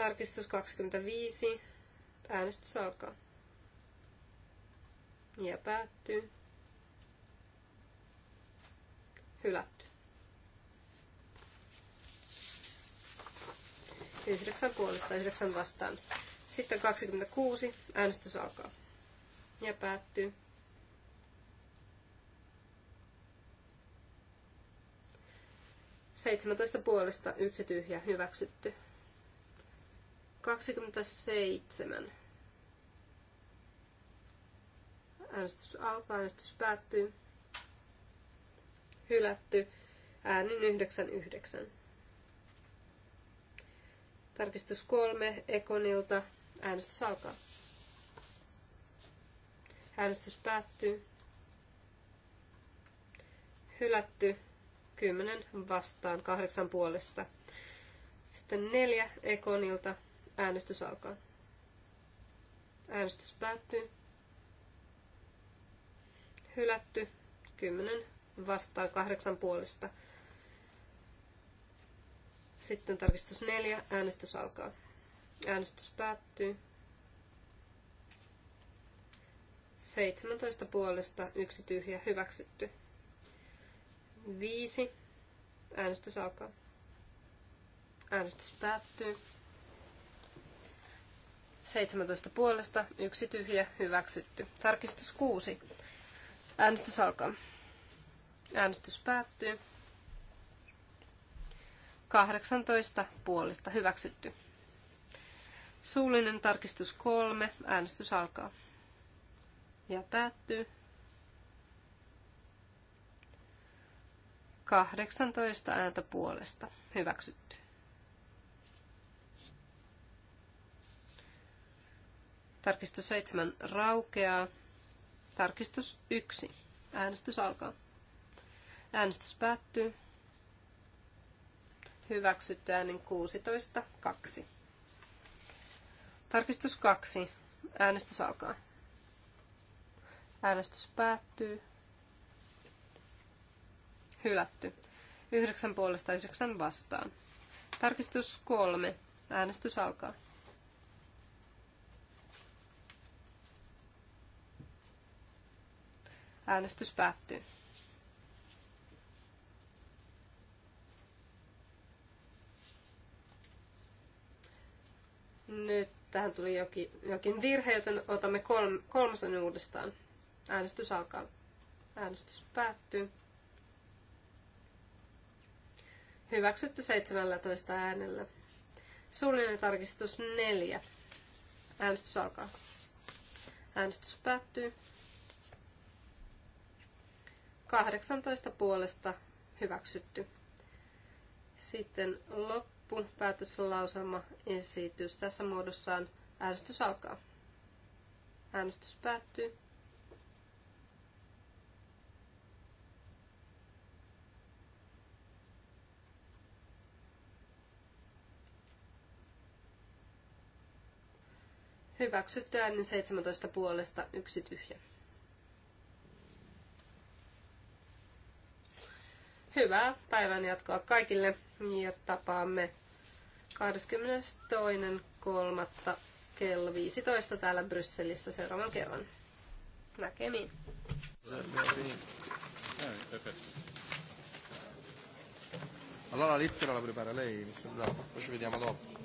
Tarkistus 25. Äänestys alkaa. Ja päättyy. Hylätty. 9 puolesta, 9 vastaan. Sitten 26. Äänestys alkaa. Ja päättyy. Seitsemäntoista puolesta, yksi tyhjä, hyväksytty. 27. Äänestys alkaa, äänestys päättyy. Hylätty. Ääni 99. Tarkistus 3 Ekonilta. Äänestys alkaa. Äänestys päättyy. Hylätty. 10 vastaan, 8 puolesta. Sitten 4 Ekonilta. Äänestys alkaa. Äänestys päättyy. Hylätty. 10 vastaa 8 puolesta. Sitten tarkistus 4. Äänestys alkaa. Äänestys päättyy. 17 puolesta, yksi tyhjä, hyväksytty. 5. Äänestys alkaa. Äänestys päättyy. 17 puolesta, yksi tyhjä, hyväksytty. Tarkistus 6. Äänestys alkaa. Äänestys päättyy. 18 puolesta hyväksytty. Suullinen tarkistus 3. Äänestys alkaa. Ja päättyy. 18 ääntä puolesta hyväksytty. Tarkistus 7 raukeaa. Tarkistus 1. Äänestys alkaa. Äänestys päättyy. Hyväksytty äänen 16. 2. Tarkistus 2. Äänestys alkaa. Äänestys päättyy. Hylätty. 9 puolesta 9 vastaan. Tarkistus 3. Äänestys alkaa. Äänestys päättyy. Nyt tähän tuli jokin, jokin virhe, joten otamme kolm, kolmosen uudestaan. Äänestys alkaa. Äänestys päättyy. Hyväksytty 17 äänellä. Suullinen tarkistus 4. Äänestys alkaa. Äänestys päättyy. 18 puolesta hyväksytty. Sitten loppu päätöslausama esitys tässä muodossaan. Äänestys alkaa. Äänestys päättyy. Hyväksytty äänin 17 puolesta, yksi tyhjä. Hyvää päivän jatkoa kaikille ja tapaamme 22.3. kello 15 täällä Brysselissä seuraavan kerran. Näkemiin. Allora la lettera la prepara lei, mi sembra, poi ci vediamo dopo.